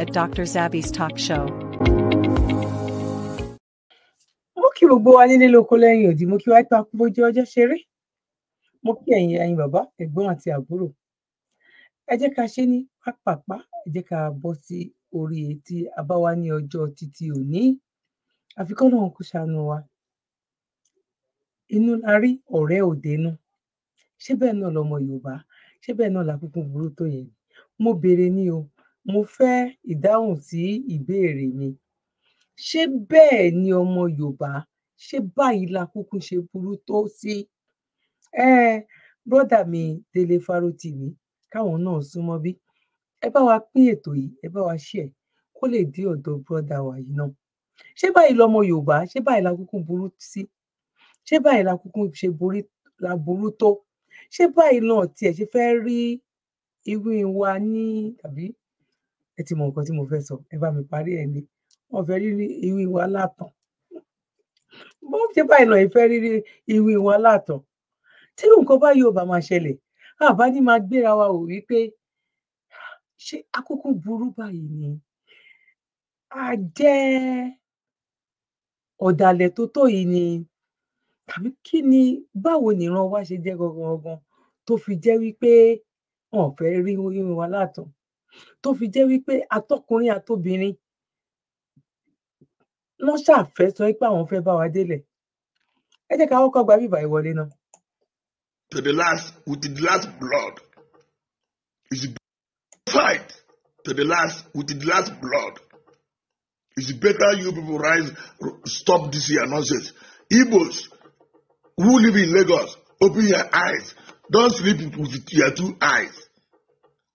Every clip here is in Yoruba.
at Dr. Zabby's talk show. mo kí gbogbo wa nílé lóko lẹ́yìn òdì mo kí wá pa bójú ọjọ́ ṣeré mo kí ẹ̀yin ẹ̀yin bàbá ẹ̀gbọ́n àti àbúrò ẹ jẹ́ ká ṣe ní pápápá ẹ jẹ́ ká bọ́ sí orí etí abáwá ní ọjọ́ títí òní àfikọ́ náà kò ṣàánú wa inú la rí ọ̀rẹ́ òdenu ṣé bẹ́ẹ̀ náà lọmọ Yorùbá ṣé bẹ́ẹ̀ náà làkúkú burú tó yẹn mo béèrè ní o mo fẹ́ ìdáhùn sí ìbéèrè mi ṣé bẹ́ẹ̀ ni ọmọ yorùbá ṣé báyìí la kúkú ṣe burú tó sí um brọdà mi délé fárótìmí káwọn náà súnmọ́ bí ẹ bá wa pín ètò yìí ẹ bá wa ṣe ẹ kó lè dé ọ̀dọ̀ brọdà wa yìí náà ṣé báyìí lọmọ yorùbá ṣé báyìí la kúkú burú sí ṣé báyìí la kúkú ṣe borí la burú tó ṣé báyìí náà tiẹ̀ ṣe fẹ́ rí irú wa ní tàbí ẹ ti mọ nǹkan tí mo fẹ́ sọ ẹ bá mi parí ẹ̀ ní wọ́n fẹ́ rí ìwé wa látàn bó ṣe báyìí náà ìfẹ́ rírí ìwé wa látàn tí nǹkan báyìí ò bá máa ṣẹlẹ̀ àbá ní máa gbéra wa ò wípé ṣé àkókò burú báyìí ni a jẹ́ ọ̀dàlẹ̀ tó tó yìí ni tàbí kí ni báwo nìran wa ṣe jẹ́ gangan tó fi jẹ́ wípé wọn ò rí ìwé wa látàn tó fi jẹ́ wípé atọ́kùnrin àtobìnrin wọ́n ṣàfẹ́ sọ pé àwọn fẹ́ bá wa délẹ̀ ẹ jẹ́ ká kọ́kọ́ gba bíbá ìwọlé náà. to the last with the last blood is fight to the last with the last blood is better you people rise stop this your nonsense Igbos who live in Lagos open your eyes don sleep with your two eyes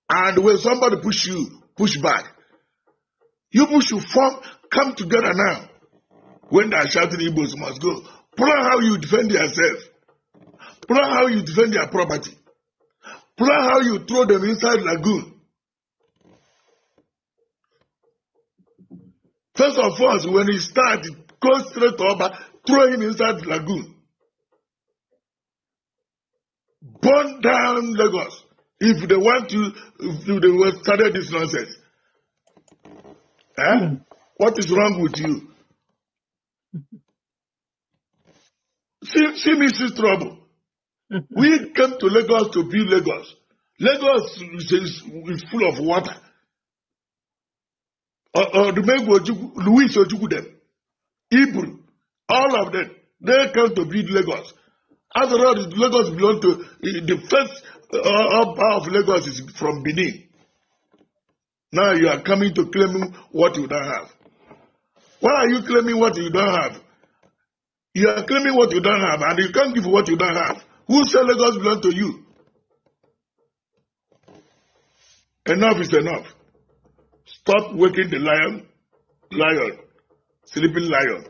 And when somebody push you, push back. You push you form, come together now. When they are shouting, Igbos must go. Plan how you defend yourself. Plan how you defend your property. Plan how you throw them inside lagoon. First of all, when he starts, go straight to Oba, throw him inside the lagoon. Burn down Lagos. if they want to, if they would have started this nonsense. Eh? Hmm. What is wrong with you? See, see me see trouble. Hmm. we came to Lagos to build Lagos. Lagos is, is, is full of water. Uh, or the Ojuku, Louis Ojuku them, Ibru, all of them, they came to build Lagos. After all, Lagos belong to eh, the first all power of Lagos is from Benin. Now you are coming to claim what you don't have. Why are you claiming what you don't have? You are claiming what you don't have, and you can't give what you don't have. Who said Lagos belong to you? Enough is enough. Stop waking the lion, lion, sleeping lion.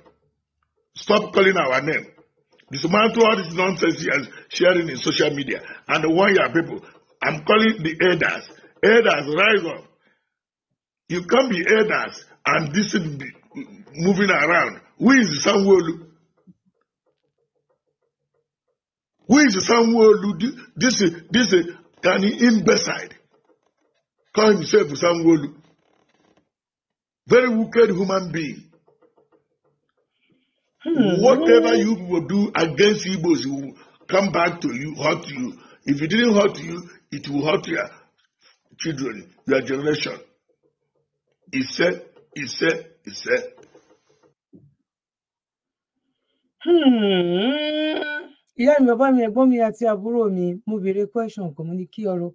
Stop calling our name dismantle all this nonsense he is sharing in social media and the one year people. I'm calling the elders. Elders, rise up. You can't be elders and this is moving around. Who Samuel? Who Samuel? This is this is an imbecile. Call himself Samuel. Very wicked human being. Hmm. Whatever you will do against Igbos will come back to you, hurt you. If it didn't hurt you, it will hurt your children, your generation. He said, he said, he said. Hmm. Ìyá mi, bàbá mi, ẹ̀gbọ́n mi àti àbúrò mi, mo béèrè question kan mo ní kí ọ̀rọ̀.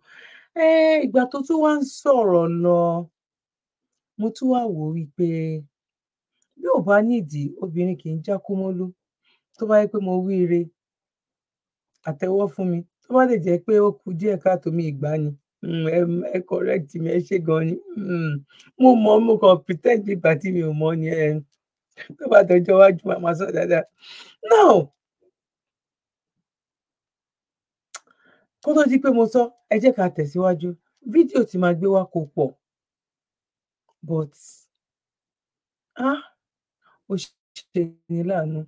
Ìgbà tó tún wá ń sọ̀rọ̀ lọ, mo tún wá wò wípé. bí ò bá nídìí obìnrin kì í já kúmólú tó bá yẹ pé mo wíire àtẹ́wọ́ fún mi tó bá lè jẹ́ pé ó kù díẹ̀ káàtó mi ìgbà ni hmm, ẹ correct mi ẹ ṣe gan ni hmm, mo mọ mo kàn pretend nígbà tí mi ò mọ ni ẹ tó bá dọjọ́ màmá sọ dáadáa now kó tó di pé mo sọ ẹ jẹ́ ká tẹ̀síwájú fídíò tí màá gbé wá kó pọ̀ but ah. ó ṣe ní láàánú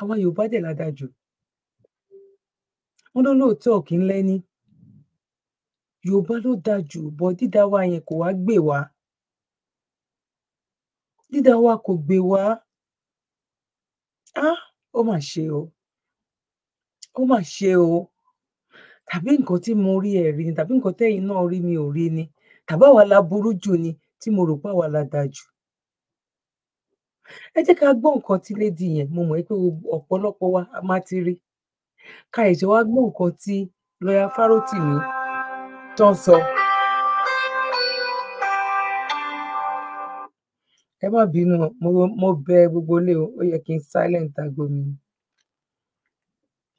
àwa yorùbá dẹ̀ la dáa jù wọn ló lóòótọ́ kì í lẹ́ni yorùbá ló dáa jù bọ́ dídá wa yẹn kò wá gbè wá dídá wa kò gbè wá á ó mà ṣe o ó mà ṣe o tàbí nǹkan tí mo rí ẹ rí ni tàbí nǹkan tẹ́yin náà rí mi ò rí ni tàbí àwa la burú jù ni tí mo rò pé àwa la dáa ẹ jẹ́ ká gbọ́ nǹkan tí lady yẹn mo mọ̀ pé ọ̀pọ̀lọpọ̀ wa máa ti rí ká ẹ̀jẹ̀ wá gbọ́ nǹkan tí lọ́yà Fárótìmí tán sọ. ẹ má bínú mo bẹ gbogbo ilé ó yẹ kí n silent ago mi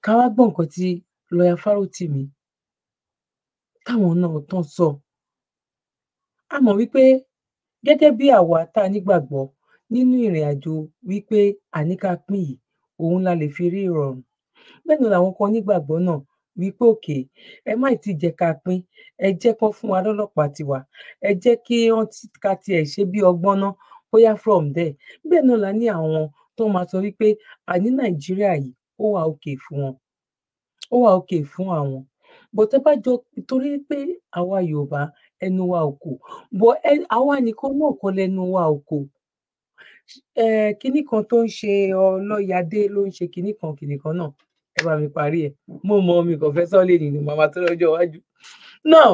ká wá gbọ́ nǹkan tí lọ́yà Fárótìmí táwọn náà tán sọ a mọ̀ wípé gẹ́gẹ́ bí àwa tá a nígbàgbọ́ nínú ìrìn àjò wípé àní pín yìí òun la lè fi rí ìrọ̀rùn bẹ́ẹ̀ ni làwọn kan nígbàgbọ́ náà wípé òkè ẹ má ti jẹ́ ká pín ẹ jẹ́ kán fún wa lọ́lọ́pàá tiwa ẹ jẹ́ kí wọ́n ká tiẹ̀ ṣe bí ọgbọ́n náà bóyá from there bẹ́ẹ̀ náà la ní àwọn tó máa sọ wípé àní nàìjíríà yìí ó wà òkè fún wọn ó wà òkè fún àwọn bọ̀tẹ́ bá jọ torí pé àwa yorùbá ẹnu wa ò kò bọ̀ àwa nìkan náà kọ́ lẹ́nu wa ò kò ẹ kinní kan tó ń ṣe ọlọ́yàdé ló ń ṣe kinní kan kinní kan náà ẹ bá mi parí ẹ mo mọ mi kò fẹ́ sọ́ọ́lì nínú màmá tó lọ́jọ́ iwájú náà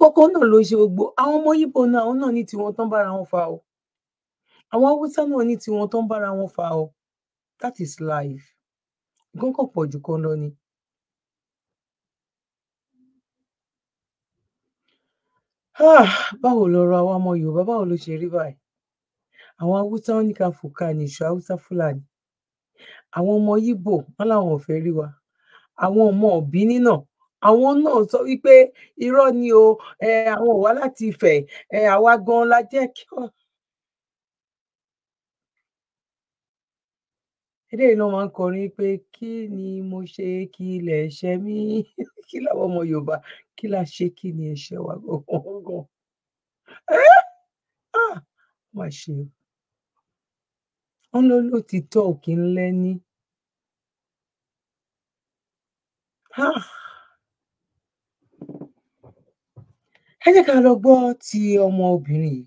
kókó náà ló ṣe gbogbo àwọn ọmọ yíbo náà àwọn náà ní tiwọn tán bára wọn fa o àwọn haúsá náà ní tiwọn tán bára wọn fa o that is life nǹkan kan pọ̀ kan lọ ni. Ah, báwo lọ̀rọ̀ àwa ọmọ yorùbá báwo ló ṣe rí báyìí àwọn haúsá wọn ní ká fòkà nìṣó haúsá fúlàní àwọn ọmọ ibo wọn làwọn ò fẹ́ rí wa àwọn ọmọ ọ̀bíní náà àwọn náà sọ wípé irọ́ ni o àwọn ò wá láti Ifẹ̀ àwa gan la jẹ́ kí ọ. eléyìí ló máa ń kọrin pé kí ni mo ṣe kí ilẹ̀ ẹ̀ṣẹ̀ mi kí làwọn ọmọ Yorùbá kí la ṣe kí ni ẹ̀ṣẹ̀ wa gangan. ó mà ṣe o. Wọ́n ló lòtítọ́ ò kí ń lẹ́ní. Ah. Ẹ jẹ́ ká lọ gbọ́ ti ọmọbìnrin yìí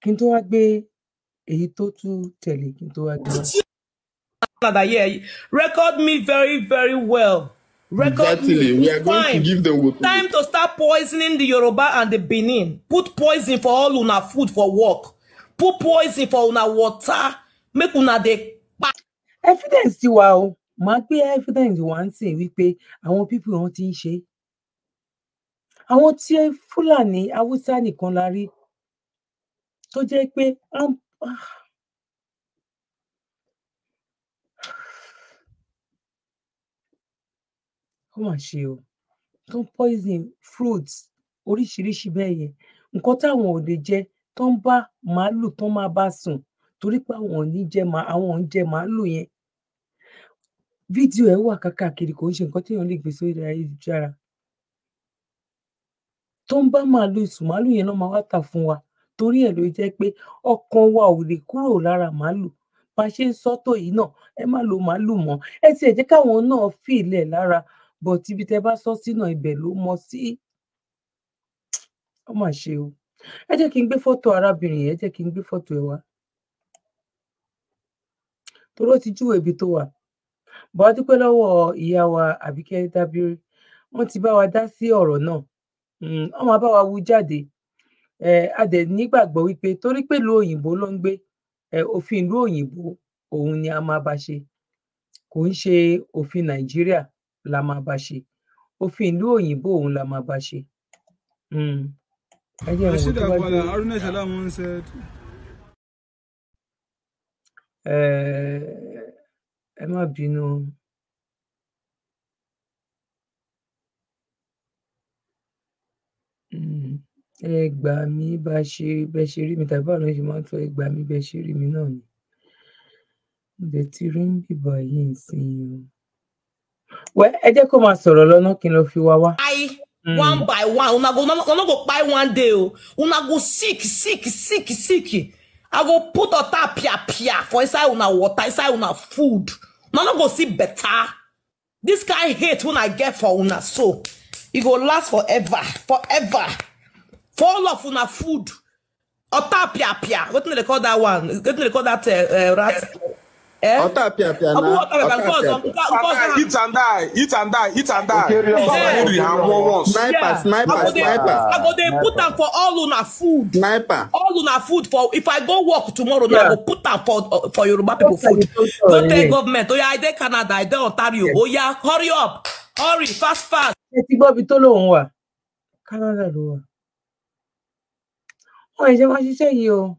kí n tó wá gbé èyí tó tún tẹ̀lé kí n tó wá gbé wá. Yeah, record me very, very well. Record exactly. Me. We are time. going to give them water. Time to start poisoning the Yoruba and the Benin. Put poison for all una food for work put poison for una water make una dey pa. evidence ti wà o màá gbé evidence wá ń sìn wípé àwọn pípù wọn ti ń ṣe àwọn tí fúlàní haúsá nìkan la rí tó jẹ́ pé wọn. ó mà ṣe o tó poison fruits oríṣiríṣi bẹ́ẹ̀ yẹn nǹkan táwọn ò lè jẹ tó ń bá màálù tó máa bá sùn torí pé àwọn ò ní jẹ àwọn ò ń jẹ màálù yẹn fídíò ẹ wà kákàkiri kò ń ṣe nǹkan téèyàn lè gbé sórí ayélujára tó ń bá màálù sùn màálù yẹn náà máa wá tà fún wa torí ẹ ló jẹ pé ọkàn wa ò lè kúrò lára màálù bá a ṣe ń sọ́tò yìí náà ẹ má lo màálù mọ́ ẹ tiẹ̀ jẹ́ káwọn náà fi ilẹ̀ lára bọ̀ tíbi tẹ bá sọ sínú ibẹ̀ ló mọ sí ó mà ṣe o ẹ jẹ́ kí n gbé fọ́tò arábìnrin yẹn ẹ jẹ́ kí n gbé fọ́tò ẹ̀ wá torí ti júwèé ibi tó wà bọ́ dúpẹ́ lọ́wọ́ ìyá wa àbíkẹ́ dábírí wọ́n ti bá wa dá sí ọ̀rọ̀ náà hmm, wọ́n bá wa wú jáde a dẹ̀ nígbàgbọ́ wípé torí pé ìlú òyìnbó ló ń gbé òfin ìlú òyìnbó òun ni a máa bá ṣe kò ń ṣe òfin nàìjíríà la máa bá ṣe òfin ìlú òyìnbó òun la máa bá ṣe. Hmm. Rashida Ẹ má bínú. Ẹ gbà mí bá ṣe rí mi tàbí báwo ló ṣe máa ń tọ́ ẹ gbà mí bẹ́ ṣe rí mi náà ni. Mo lè rí ń bìbọ̀ yìí sí i. Wẹ́ ẹ jẹ́ kó máa sọ̀rọ̀ lọ́nà kí n lọ fi wá wá. Ayi. Mm. one by one una go una go kpai one day o oh. una go sick sick sick sick i go put water pia pia for inside una water inside una food una no go see better this kind hate I get for una so e go last forever forever for all of una food water pia pia wetin dey call that one wetin dey call that uh, uh, rat Eh? ọtapịa pịa na ọtapịa hit and die eat and die eat and die okeri ọwụwa sniper sniper sniper i go dey put am for all una food sniper all una food for if i go work tomorrow yeah. i go put am for uh, for yoruba people food no tell government oya oh, i dey canada i dey ontario oya oh, hurry up hurry fast fast. ẹ ti gbọ́ ibi tó lóun wà canada ló wà wọn ẹ jẹ́ wá ṣiṣẹ́ yìí o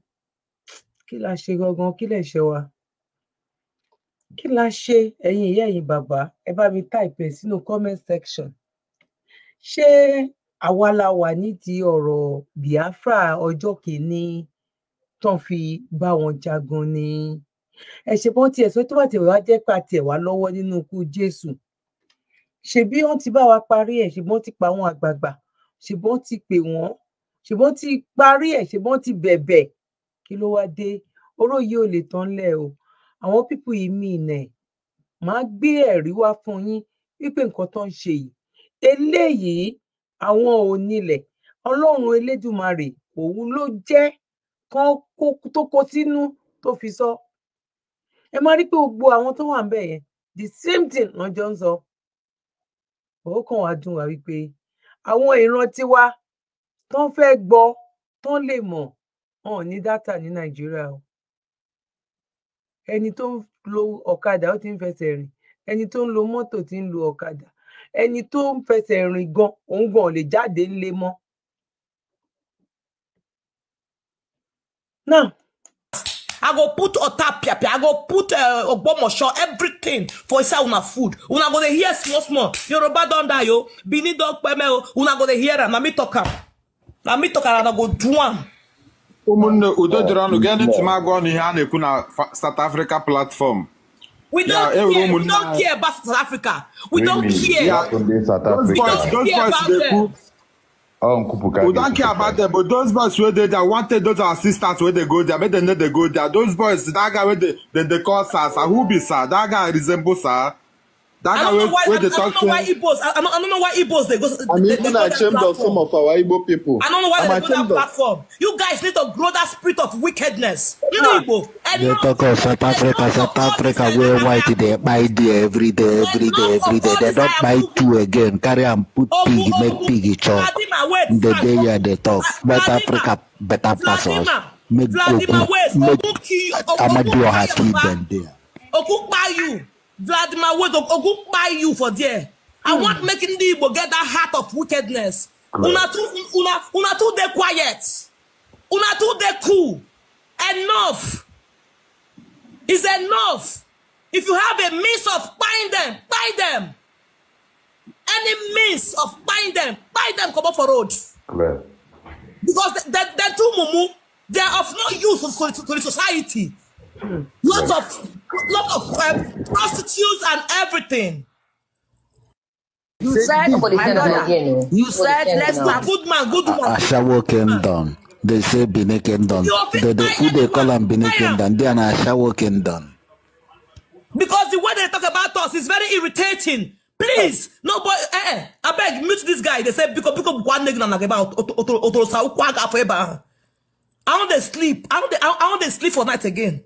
kí la ṣe gangan kí lè ṣe wa kí la ṣe ẹ̀yin ìyá ẹ̀yin bàbá ẹ bá mi táìpẹ sínú comment section ṣé àwa la wà nídìí ọ̀rọ̀ Biafra ọjọ́ kìíní tán fi bá wọn jagun ni ẹ ṣe bọ́n tiẹ̀ sọ tó bá tiẹ̀ wá jẹ́ pé a tiẹ̀ wá lọ́wọ́ nínú ikú Jésù ṣebí wọ́n ti bá wa parí ẹ̀ ṣebí wọ́n ti pa àwọn àgbààgbà ṣebí wọ́n ti pè wọ́n ṣebí wọ́n ti parí ẹ̀ ṣebí wọ́n ti bẹ̀bẹ̀ kí ló wá dé oró ò lè tán lẹ̀ o àwọn pípù yìí mìíràn máa gbé ẹ̀rí wá fún yín wípé nǹkan tó ń ṣe yìí eléyìí àwọn ò nílẹ̀ ọlọ́run elédùmarè òun ló jẹ́ kán tó kó sínú tó fi sọ ẹ máa rí pé gbogbo àwọn tó wà ń bẹ̀ yẹn the same thing wọn jọ ń sọ ó kàn wá dùn wá wípé àwọn ìran tiwa tó ń fẹ́ gbọ́ tó ń lè mọ̀ wọn ò ní dátà ní nàìjíríà o ẹni tó ń lo ọ̀kadà ó ti ń fẹsẹ̀ rìn ẹni tó ń lo mọ́tò ti ń lo ọ̀kadà ẹni tó ń fẹsẹ̀ rìn gan òun gan ò lè jáde ńlé mọ́. now i go put otapiapi i go put ogbomoso eh, everything for inside una food una go dey hear small small yoruba don die o benin don peme o una go dey hear am na me talk am na me talk am and i go do am. ụmụnne oh, udo dịrị ọnụ gee ntị m agwa ọnụ ihe a na-ekwu na South Africa platform We don't, care. about South Africa. We don't care. Yeah. South those care about them. we don't care about oh, them, but those boys where they, they wanted those our sisters where they go there, make them know they go there. Those boys, that guy where they, they, call sir, Sasa, who be sir, That guy resemble sir that I don't know why, I, don't know why Igbos, I, don't, I don't know why Igbos, they go, I'm they, even they ashamed of some of our Igbo people. I don't know why I'm they go that platform. You guys need to grow that spirit of wickedness. You know ah. Igbo. They talk of South Africa, South Africa, where white they buy there every day, every day, every day. They don't buy two again. Carry and put oh, piggy. make piggy chop. The day yeah, they talk. But Africa better pass us. Make Vladimir West, Ogun kill you. Ogun kill you. Ogun kill you. Vladimir Wezog Ogunpa you for there. I hmm. want making ndị Igbo get that heart of wickedness. Una too una una too dey quiet. Una too dey cool. Enough is enough. If you have a means of buying them, buy them. Any means of buying them, buy them Come comot for road. Amen. Because they they too mumu. They are of no use to, to, to the society. Lots of lot of uh, prostitutes and everything. You said, brother. you said, let's start good man, good man. Ashawo came down. They say Bini came down. They, who they call them Bini came They are Ashawo came down. Because the way they talk about us is very irritating. Please, nobody, eh, eh, I beg, mute this guy. They say, because, because, one nigga na about Otorosa, Ukwaga forever. I want to sleep. I want to sleep for night again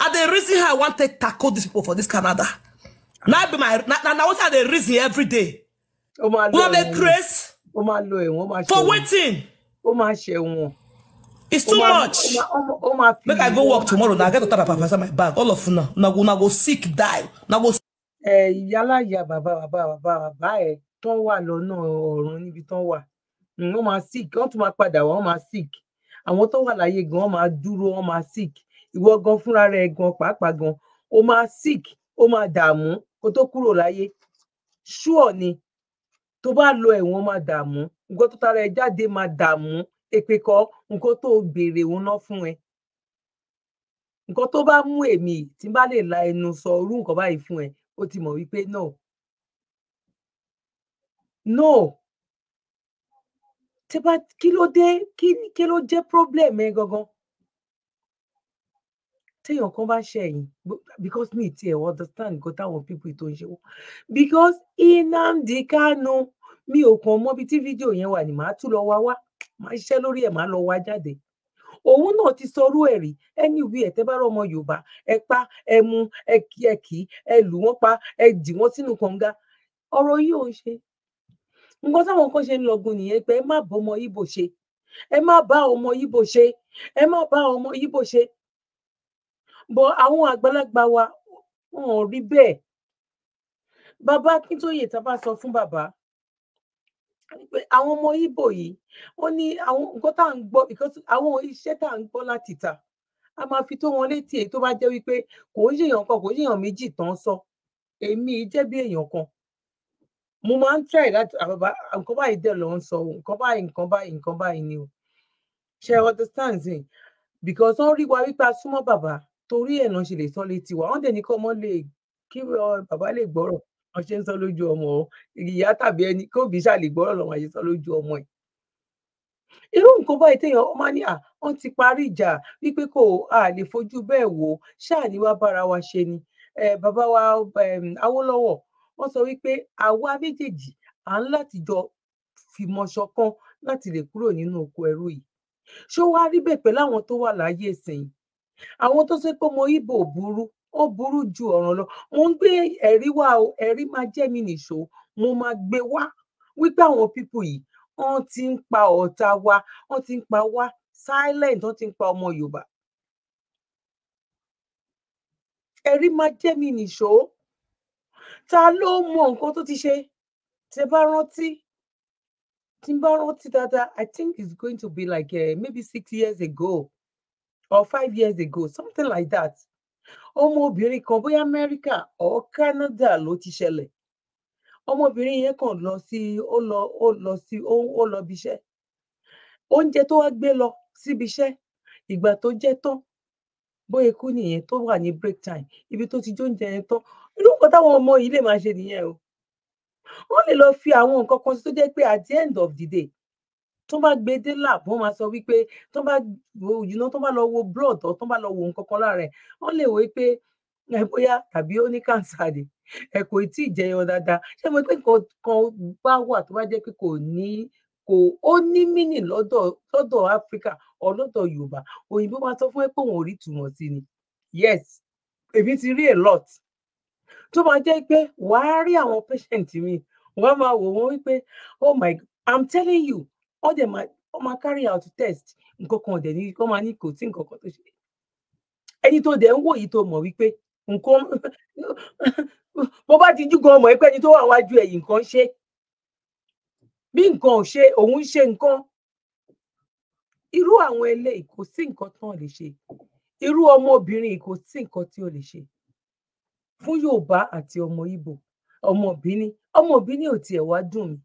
and the reason how i wan to tackle these people for this canada Now be my now. na wetin i dey reason every day una dey craze for wetin it's too much make i go work tomorrow Now i get to tap papa inside my bag all of una Now go now go sick die Now go. yálà ìyá bàbá bàbá bàbá bàbá ẹ tán wà lọ́nà ọ̀run níbi tán wà wọ́n máa sick wọ́n tún máa padà wá wọ́n máa sick àwọn tó wà láyé gan wọ́n máa duro. wọ́n máa sick ìwọ gan fúnra rẹ gan pàápàá gan o máa sick o máa dààmú kó tó kúrò láyé ṣúọ ni tó bá lọ ẹ̀wọ̀n máa dààmú nǹkan tó tara ẹ jáde máa dààmú èpè kọ nǹkan tó béèrè òun ná fún ẹ nǹkan tó bá mú èmi tí n bá lè la ẹnu sọ orú nǹkan báyìí fún ẹ ó ti mọ̀ wípé no no tí bá kí ló dé kí ló jẹ́ problem ẹ gangan téèyàn kan bá ṣẹ̀yìn because me tiẹ̀ understand nǹkan táwọn people tó ń ṣe wọ́n because Nnamdi Kanu mi ò kàn mọ́ bí tí fídíò yẹn wà ní màá tún lọ wá wá màá ṣiṣẹ́ lórí ẹ̀ màá lọ wá jáde òun náà ti sọrú ẹ̀ rí ẹni ìwé ẹ̀ tẹ́ bá rọ ọmọ Yorùbá ẹ pa ẹ mu ẹ kí ẹ kì í ẹ lù wọ́n pa ẹ dì wọ́n sínú kànga ọ̀rọ̀ yìí ò ń ṣe nǹkan táwọn kan ṣe ń lọgun nìyẹn pé ẹ má bá ọmọ Ìgbò ṣe ẹ má bá ọmọ Ìgbò ṣe ẹ má bá ọmọ Ìgbò ṣe bọ àwọn àgbàlagbà wa wọn ò rí bẹ́ẹ̀ bàbá Akíntóyè tá a bá sọ fún bàbá pé àwọn ọmọ Ìgbò yìí ó ní àwọn nǹkan tá à ń gbọ́ because àwọn iṣẹ́ tá à ń gbọ́ láti ta a máa fi tó wọn létí èyí tó bá jẹ́ wípé kò ń ṣèyàn kan kò ń ṣèyàn méjì tán sọ èmi jẹ́ bí èèyàn kan mo máa ń try láti àbàbà nǹkan báyìí dẹ̀ ló ń sọ o nǹkan báyìí nǹkan báyìí nǹkan báyìí ni o ṣe understand because wọ́n rí wa wípé a súnmọ́ bàbá torí ẹ̀ náà ṣe lè sọ létí wa wọ́n dẹ̀ ní kọ́ ọmọ lè kí bàbá lè gbọ́rọ̀ wọ́n ṣe ń sọ lójú ọmọ o ìyá tàbí ẹni kí òbí ṣàlè gbọ́rọ̀ lọ́wọ́ ṣe sọ lójú ọmọ ẹ̀. irú nǹkan báyìí téèyàn ọmọ ní à wọ́n ti parí ìjà wípé kò à lè fojú bẹ́ẹ̀ wò ṣáà ní wàá bára wa ṣe ni bàbá wa Awólọ́wọ̀ wọ́n sọ wípé àwa méjèèjì à ń láti jọ fìmọ̀ ṣọ̀kan láti lè kúrò nínú oko ẹrú yìí ṣó wàá rí bẹ́ẹ̀ pẹ̀lú àwọn tó wà láyé ìsìn yìí àwọn tó ṣe pé ọmọ ibo burú ó burú ju ọ̀ràn lọ mo ń gbé ẹ̀rí wa. o ẹ̀rí máa jẹ́ mi nìṣó mo máa gbé wá wípé àwọn pípù yìí wọ́n ti ń pa ọ̀tá wa wọ́n ti ń pa wá silent wọ́n ti ń pa ọmọ Yorùbá ẹ̀rí máa jẹ́ mi nìṣó ta ló mọ nǹkan tó ti ṣe tẹ bá rántí tí bá rántí dáadáa I think it's going to be like uh, maybe six years ago or five years ago something like that ọmọbìnrin kan bóyá Amẹ́ríkà or Canada ló ti ṣẹlẹ̀ ọmọbìnrin yẹn kàn lọ sí ó lọ ó lọ sí ó lọ bí iṣẹ́ oúnjẹ tó wá gbé lọ síbi iṣẹ́ ìgbà tó jẹ tán bóyá ikú nìyẹn tó wà ní break time ibi tó ti jóúnjẹ yẹn tán irú nǹkan táwọn ọmọ yìí lè máa ṣe nìyẹn o wọn lè lọ fi àwọn nǹkan kan sí tó jẹ pé at the end of the day tó bá gbé dé lab wọ́n máa sọ wípé tó bá you know tó bá lọ wo blood or tó bá lọ wo nǹkan kan lára ẹ̀ wọ́n lè wò pé bóyá tàbí ó ní cancer ni ẹ kò tí ì jẹyọ dáadáa ṣé mo pé nǹkan kan bá wà tó bá jẹ́ pé kò ní kò ó ní mínì lọ́dọ̀ lọ́dọ̀ Áfíríkà ọ lọ́dọ̀ Yorùbá òyìnbó máa sọ fún ẹ pé òun ò rí ìtumọ̀ sí ni yes èmi ti rí a lot tó máa jẹ́ pé wàá rí àwọn patient mi wọ́n máa wò wọ́n wípé oh my I'm telling you wọ́n dẹ̀ máa carry out test nǹkan kan dẹ̀ ní kọ́ máa ní kò tí nǹkan kan tó ṣe ẹni tó dẹ̀ ń wò yìí tó mọ̀ wípé nǹkan bó bá ti júgan ọmọ ẹgbẹ́ ẹni tó wà wájú ẹ̀yìn nǹkan ṣe bí nǹkan ò ṣe òun ń ṣe nǹkan irú àwọn eléyìí kò sí nǹkan tí wọn lè ṣe irú ọmọbìnrin kò sí nǹkan tí ó lè ṣe fún Yorùbá àti ọmọ Ìgbò ọmọ Bìní ò tiẹ̀ wá dùn mí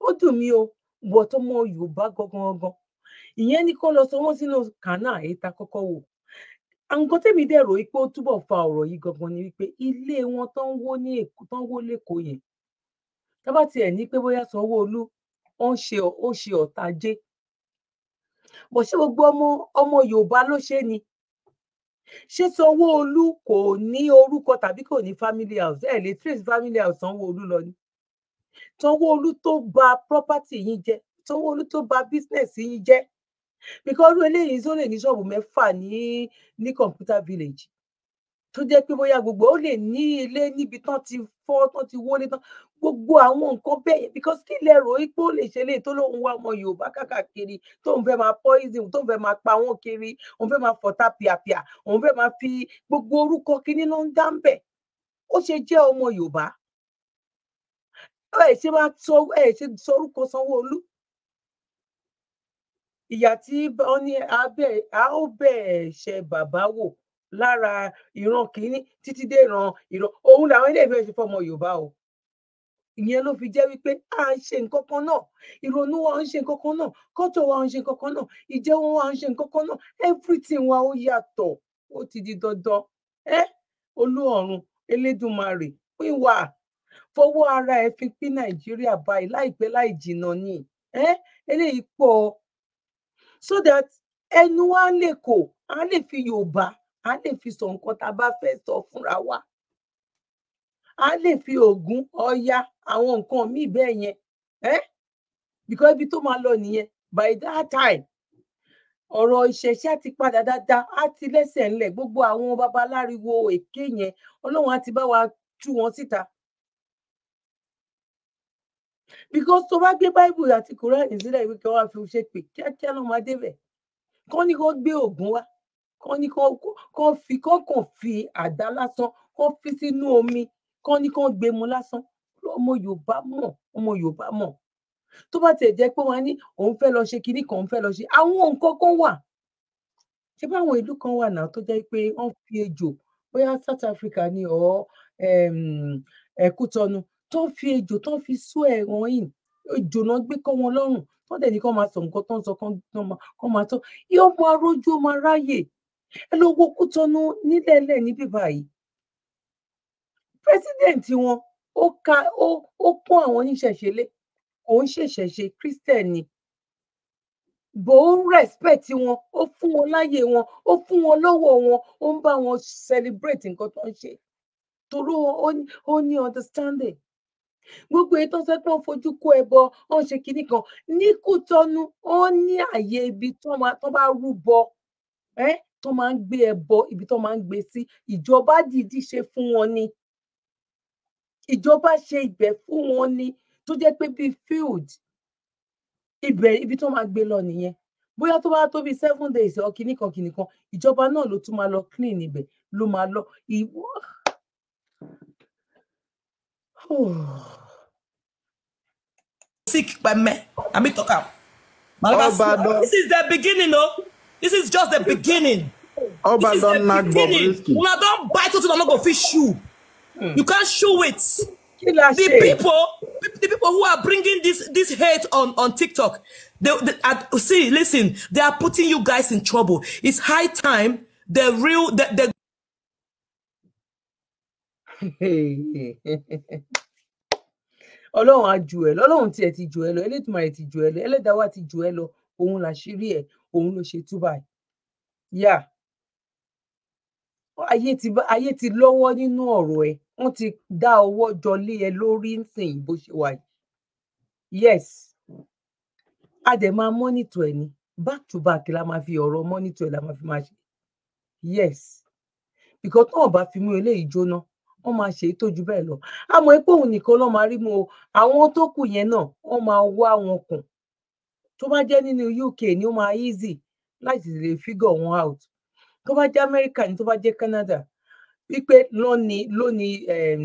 ó dùn mí o wọ tó mọ yorùbá gangan gangan ìyẹn ní kó lọ sọ sínú kànáà èyí kọ́kọ́ wò nǹkan tẹ́mi dẹ̀ rò pé ó túbọ̀ fa ọ̀rọ̀ yìí gangan ni wípé ilé wọn tó ń wó ní èkó tó ń wó lẹ́kọ̀ọ́ yẹn tábà tiẹ̀ ní pé bóyá sanwó ó ń ṣe ó ṣe ọ̀tajé bọ̀ ṣé gbogbo ọmọ ọmọ yorùbá ló ṣe ni ṣé sanwó kò ní orúkọ tàbí kò ní family house ẹ̀ lè trace family house sanwó lọ ni Sanwó-Olú tó ba property yín jẹ́ Sanwó-Olú tó ba business yín jẹ́ because irú eléyìí tó lè ní ṣọ́ọ̀bù mẹ́fà ní ní computer village tó jẹ́ pé bóyá gbogbo ó lè ní ilé níbi tán ti fọ́ tán ti wọlé tán gbogbo àwọn nǹkan bẹ́ẹ̀ because kí lẹ rò pé ó lè ṣe léyìí tó lóun wá ọmọ Yorùbá káàkiri tóun fẹ́ máa poison tóun fẹ́ máa pa wọ́n kiri òun fẹ́ máa fọ̀tá pìàpìà òun fẹ́ máa fi gbogbo orúkọ kíní ló ń dá ń bẹ̀ ó ṣe jẹ́ ọmọ Yorùbá ẹ ṣe máa tó ẹ ṣe sorúkọ sanwóolu ìyà tí ó ní abẹ a ó bẹẹ ṣe bàbá wò lára ìran kìíní títí dé ìran ìran òun làwọn ilé ìfẹ́ ṣe fọmọ yorùbá o ìyẹn ló fi jẹ́ wípé à ń ṣe nǹkan kan náà ìrònú wa ń ṣe nǹkan kan náà kọ́tọ̀ wa ń ṣe nǹkan kan náà ìjẹun wa ń ṣe nǹkan kan náà everything wa ó yàtọ̀ ó ti di dandan ẹ olú ọ̀run elédùnmarè pín fowó ara ẹ fi pín nàìjíríà báyìí láìpẹ́ láì jìnnà ni eléyìí pọ̀ so that ẹnu wa lè kò á lè fi yorùbá á lè fi sọ nǹkan tá a bá fẹ́ sọ fúnra wa á lè fi Ògún Ọya àwọn nǹkan míì bẹ́ẹ̀ yẹn because ibi tó máa lọ nìyẹn by that time ọ̀rọ̀ ìṣẹ̀ṣẹ̀ ti padà dáadáa á ti lẹ́sẹ̀ ńlẹ̀ gbogbo àwọn babaláriwo èké yẹn ọlọ́run á ti bá wa tú wọn síta because tó bá gbé bible àti quran sílẹ̀ ìwé kan wá fi ṣe pé kíákíá ló máa débẹ̀ kán ní kó gbé oògùn wá kán ní kó fi kó kàn fi àdá lásán kó fi sínú omi kán ní kó gbé mu lásán ọmọ yorùbá mọ̀ ọmọ yorùbá mọ̀ tó bá tiẹ̀ jẹ́ pé wọ́n ní òun fẹ́ lọ ṣe kinní kan òun fẹ́ lọ ṣe àwọn nǹkan kan wà ṣé báwọn ìlú kan wà náà tó jẹ́ pé wọ́n fi ejò bóyá South Africa ni ọ̀ ẹ̀kútọ́nu tó fi ejò tó fi sú ẹ̀ràn yìí ejò náà gbé kọ́ wọn lọ́rùn tó dẹ̀ ní kọ́ máa sọ nǹkan tó ń sọ kọ́ máa tọ́ yóò máa rójú máa ráyè ẹ lọ wo Kútọ́nù nílẹ̀ẹ́lẹ̀ níbí báyìí pírẹsidẹ̀ǹtì wọn ó ka ó ó pọ́n àwọn oníṣẹ̀ṣe lé òun ṣèṣẹ̀ṣe kírísítẹ̀nì bò ó respect wọn ó fún wọn láyè wọn ó fún wọn lọ́wọ́ wọn ó ń bá wọn celebrate nǹkan tó ń ṣe torí ó ní understanding gbogbo èyí tó sọ pé wọn fojú kó ẹbọ wọn ṣe kinní kan ní Kútọnù ó ní àyè ibi tó bá rúbọ tó máa ń gbé ẹbọ ibi tó máa ń gbé sí ìjọba dìídì ṣe fún wọn ni ìjọba ṣe ibẹ̀ fún wọn ni tó jẹ́ pé bíi field ibẹ̀ ibi tó máa gbé lọ nìyẹn bóyá tó bá tó seven days ọkìnìkan kìnìkan ìjọba náà ló tún máa lọ clean ibẹ̀ ló máa lọ ìwọ Sick by me. I mean, talk up. this is the beginning, though. This is just the beginning. Oba this don't nag Bobrisky. Una don't bite until I'm not gonna fish you. Mm. You can't show it. The people, the people who are bringing this this hate on on TikTok, they, they uh, see, listen, they are putting you guys in trouble. It's high time the real the, the ọlọ́run á jù ẹ lọ ọlọ́run tiẹ̀ ti jù ẹ lọ elétùmarè ti jù ẹ lọ ẹlẹ́dàá wa ti jù ẹ lọ òun làṣírí ẹ òun ló ṣe túbà yá ayé ti ayé ti lọ́wọ́ nínú ọ̀rọ̀ ẹ wọ́n ti dá ọwọ́ jọ lé ẹ lórí nsìn bó ṣe wà yìí yes a dẹ̀ máa mọ́nítọ̀ ẹ ní back to back la máa fi ọ̀rọ̀ mọ́nítọ̀ ẹ la máa fi máa ṣe yes because tó o bá fi mú eléyìí jóná wọ́n máa ṣe ìtọ́jú bẹ́ẹ̀ lọ àmọ́ pé òun nìkan ló máa rí mu o àwọn tó kù yẹn náà wọ́n máa wá wọn kùn tó bá jẹ́ nínú UK ni ó máa easy láti lè figure wọn out tó bá jẹ́ America ni tó bá jẹ́ Canada wípé lónìí lónìí ehm,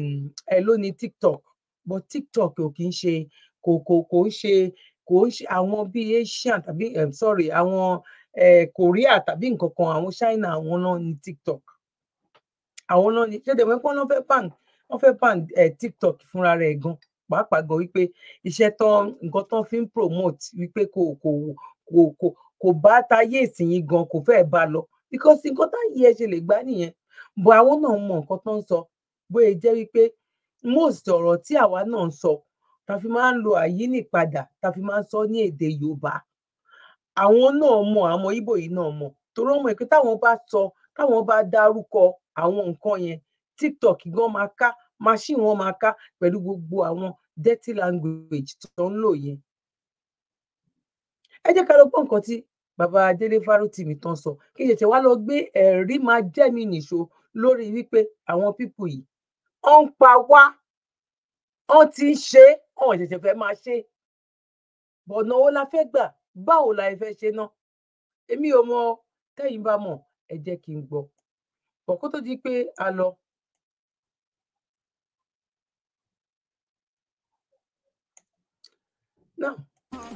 ẹ lónìí TikTok but TikTok ò kì í ṣe kò kò kò ń ṣe kò ń ṣe àwọn bíi Asian tàbí ehm, sorry àwọn eh, Korea tàbí nǹkan kan àwọn China àwọn náà ní TikTok àwọn náà ni ṣé dẹ̀wọ́n pọ́n náà fẹ́ pan wọ́n fẹ́ pan tiktok fúnra rẹ̀ gan pàápàá gan wípé iṣẹ́ tán nǹkan tán fi ń promote wípé kò kò kò kò kò bá táyé ìsìn gan kò fẹ́ẹ̀ bá lọ because nǹkan táyé ẹ ṣe lè gbá nìyẹn bọ àwọn náà mọ nǹkan tó ń sọ bóyá jẹ́ wípé most ọ̀rọ̀ tí àwa náà ń sọ ta fi máa ń lo àyíní ta fi máa ń sọ ní èdè yorùbá àwọn náà mọ àwọn ibo yìí náà mọ torí wọn mọ pé táwọn bá sọ táwọn bá dárúkọ àwọn nǹkan yẹn tiktok gan máa ká machine wọn máa ká pẹ̀lú gbogbo àwọn dirty language tó ń lò yẹn. ẹ jẹ́ ká lọ gbọ́ nǹkan tí bàbá délé fárótìmí tán sọ kí n ṣẹ̀ṣẹ̀ wá lọ gbé ẹ̀rí máa jẹ́ mi nìṣó lórí wípé àwọn pípù yìí ọ̀ ń pa wá ọ̀ ti ń ṣe ọ̀ ṣẹ̀ṣẹ̀ fẹ́ máa ṣe bọ̀nà wo la fẹ́ gbà báwo la fẹ́ ṣe náà èmi ò mọ tẹ́yìn bá mọ̀ ẹ jẹ́ kí n gbọ́ bọ̀ kó tó di pé a lọ.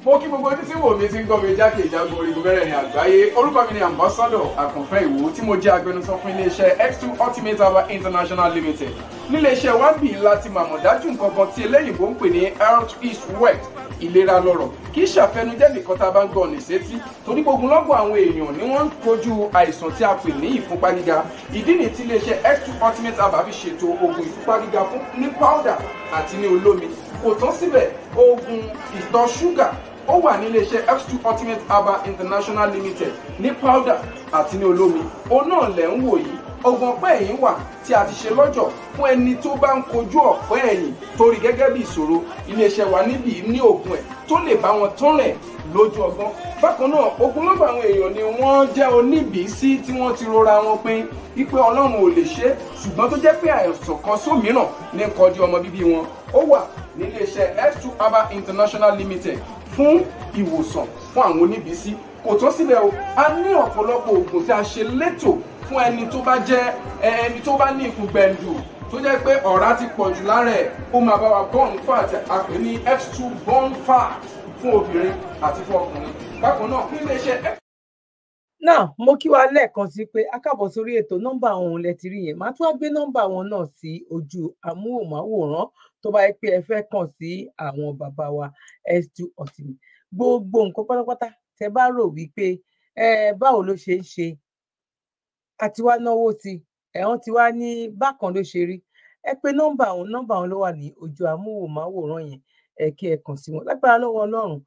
mo kí gbogbo ojú tí wò mí ti ń gbọ́ mi jákèjádò orígun bẹ̀rẹ̀ ní àgbáyé orúkọ mi ni ambassador àkànfẹ́ ìwò tí mo jẹ́ agbẹnusọ fún iléeṣẹ́ x2 ultimate aba international limited níléeṣẹ́ wa bì í láti màmọ̀ dájú nǹkan kan tí eléyìnbó ń pè ní health is wet. ìlera lọ́rọ̀ kì í ṣàfẹnujẹ́ nìkan tá a bá ń gbọ́ ọ̀nì sétí torí gbogbo-lọ́gbọ̀ àwọn èèyàn ni wọ́n ń kojú àìsàn tí a pè ní ìfúnpá gíga ìdí nìyí tí iléeṣẹ́ x2 ultimate herbal fi ṣètò oògùn ìfúnpá gíga fún ní powder àti ní olómi kò tán síbẹ̀ oògùn ìtọ̀ ṣúgà ó wà ní iléeṣẹ́ x2 ultimate herbal international limited ní powder àti ní olómi òun náà lẹ̀ ń wò yìí ọgbọ̀n ọpẹ́ ẹ̀yìn wà tí a ti ṣe lọ́jọ̀ fún ẹni tó bá ń kojú ọ̀pẹ́ ẹ̀yìn torí gẹ́gẹ́ bí ìṣòro iléeṣẹ́ wa níbí ní oògùn ẹ̀ tó lè bá wọn tán rẹ̀ lójú ọgbọ́n bákan náà ogunlọ́gọ̀ àwọn èèyàn ni wọ́n jẹ́ oníbìísí tí wọ́n ti rora wọn pin wípé ọlọ́run ò lè ṣe ṣùgbọ́n tó jẹ́ pé àìsàn kan sómìíràn ní kọjú ọmọ bíbí wọn ó wà ní iléeṣẹ́ 2 aba international limited fún ìwòsàn fún àwọn oníbìísí kò tán síbẹ̀ o a ní ọ̀pọ̀lọpọ̀ oògùn tí a ṣe létò fún ẹni tó bá jẹ́ ẹni tó bá ní ikùn gbẹ̀ǹdù tó jẹ́ pé ọ̀rá ti pọ̀ jù lára ẹ̀ ó máa bá wa born fat àpè ní f2 born fat fún obìnrin àti fún ọkùnrin bákan náà nílé iṣẹ́. náà mo kí wa lẹ́ẹ̀kan sí pé a káàbọ̀ sórí ètò nọ́mbà ọ̀hún lẹ ti rí yẹn màá tún wá gbé nọ́mbà wọn náà sí ojú amóhùnmáwòrán tó bá yẹ pé ẹ fẹ́ kàn sí àwọn bàbá wa s2 ọ̀sìn gbogbo nǹkan pátápátá tẹ bá rò wípé ẹ báwo ló ṣe ń ṣe àti wá náwó ti ẹ̀hún ti wá ní bákan ló ṣe rí ẹ pé nọ́mbà òun nọ́mbà òun ló wà ní ojú amóhùnmáwòrán yẹn ẹ kí ẹ kàn sí wọn lágbára lọ́wọ́ Ọlọ́run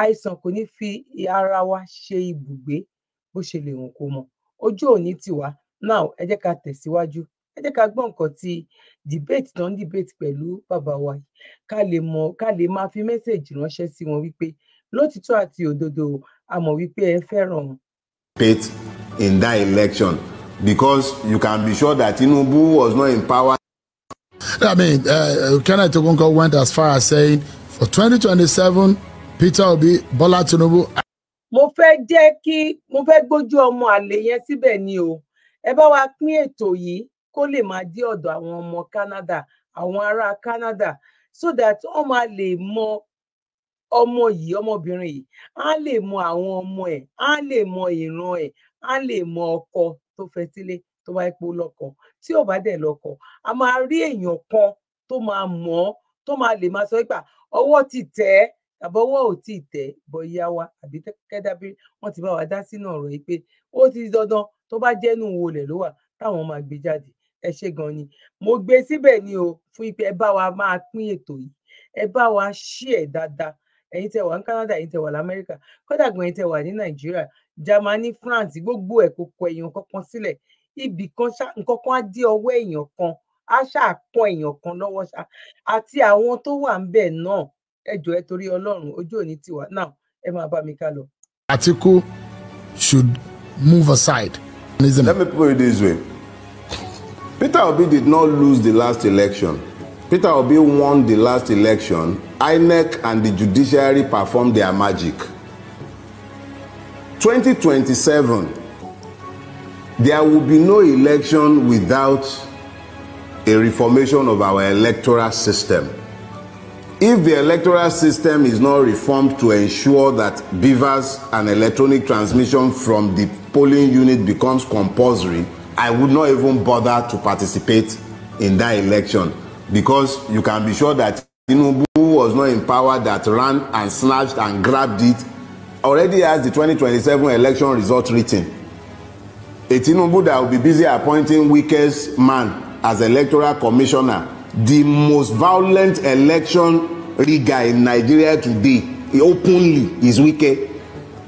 àìsàn kò ní fi ara wa ṣe ibùgbé bó ṣe lè hàn kó mọ ojú òní tiwa now ẹ jẹ́ ká tẹ̀síwájú ẹ jẹ́ ká gbọ́ nǹkan tí debate náà ń debate pẹ̀lú bàbá wa ká lè mọ ká lè máa fi mẹ́sẹ̀gì ránṣẹ́ sí wọn wípé lótìtọ́ àti òdodo a wípé ẹ fẹ́ràn in that election because you can be sure that Tinubu was not in power. I mean, uh, uh Kenneth Ogunko went as far as saying for 2027, Peter Obi, Bola Tinubu. Mo fẹ́ jẹ́ kí mo fẹ́ gbójú ọmọ àlè yẹn síbẹ̀ ni o. Ẹ bá wa pín ètò yìí kó lè máa dé ọ̀dọ̀ àwọn ọmọ Canada, àwọn ará Canada so that wọ́n máa lè mọ ọmọ yìí ọmọbìnrin yìí á lè mọ àwọn ọmọ ẹ̀ á lè mọ ìran ẹ̀ a lè mọ ọkọ tó fẹ́ sílé tó bá epo lọ́kọ tí ò bá dẹ̀ lọ́kọ a máa rí èèyàn kan tó máa mọ̀ ọ́ tó máa lè máa sọ pé ọwọ́ ti tẹ̀ ẹ́ tàbí ọwọ́ ò tí ì tẹ̀ bọ̀yá wa àbí kẹ́dábí wọ́n ti bá wa dá sínú ọ̀rọ̀ yìí pé ó ti dandan tó bá jẹ́nu wọlé ló wà táwọn máa gbé jáde ẹ ṣe gan ni mo gbé síbẹ̀ ni o fún ipe ẹ bá wa máa pín ètò yìí ẹ bá wa ṣí ẹ̀ dáadáa ẹ̀yin tẹ́ wà ní Canada ẹ̀yin tẹ́ wà lamẹ́ríkà kódà gan ẹ̀yin tẹ́ wà ní Nàìjíríà Germany France gbogbo ẹ̀ kò kọ èèyàn kankan sílẹ̀ ibì kan nǹkan kan á dé ọwọ́ èèyàn kan á ṣáà pọ́n èèyàn kan lọ́wọ́ ṣá àti àwọn tó wà ń bẹ̀ náà ẹjọ́ ẹ torí Ọlọ́run ojú òní tiwa now ẹ máa bá mi ká lọ. Atiku should move aside. Let me put it this way. Peter Obi did not lose the last election. Peter Obi won the last election. INEC and the judiciary performed their magic. 2027 there will be no election without a reformation of our electoral system. If the electoral system is not reformed to ensure that beavers and electronic transmission from the polling unit becomes compulsory, I would not even bother to participate in that election because you can be sure that Tinubu was not in power that ran and snatched and grabbed it already has the 2027 election result written. A Tinubu that will be busy appointing weakest man as electoral commissioner, the most violent election riga in Nigeria today, he openly is Wike.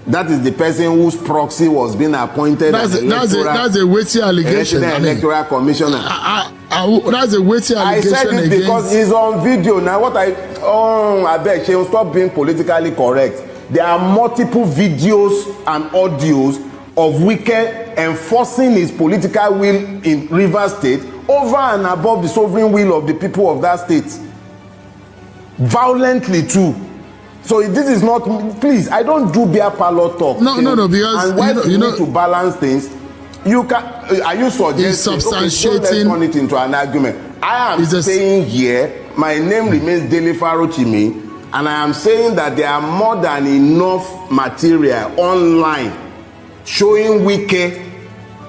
That is the person whose proxy was being appointed that's as electoral, a, that's a, that's a weighty allegation. I mean, electoral commissioner. I, I, I, that's a weighty allegation. I said it against... because he's on video now. What I, oh, I beg, she will stop being politically correct. there are multiple videos and audios of Wike enforcing his political will in Rivers State over and above the sovereign will of the people of that state. Violently too. So this is not please, I don't do beer parlor talk. No, no, no, because and you know, you know, need to balance things. You can are you suggesting okay, let's turn it into an argument? I am saying here, my name remains Dele Faro me. And I am saying that there are more than enough material online showing Wike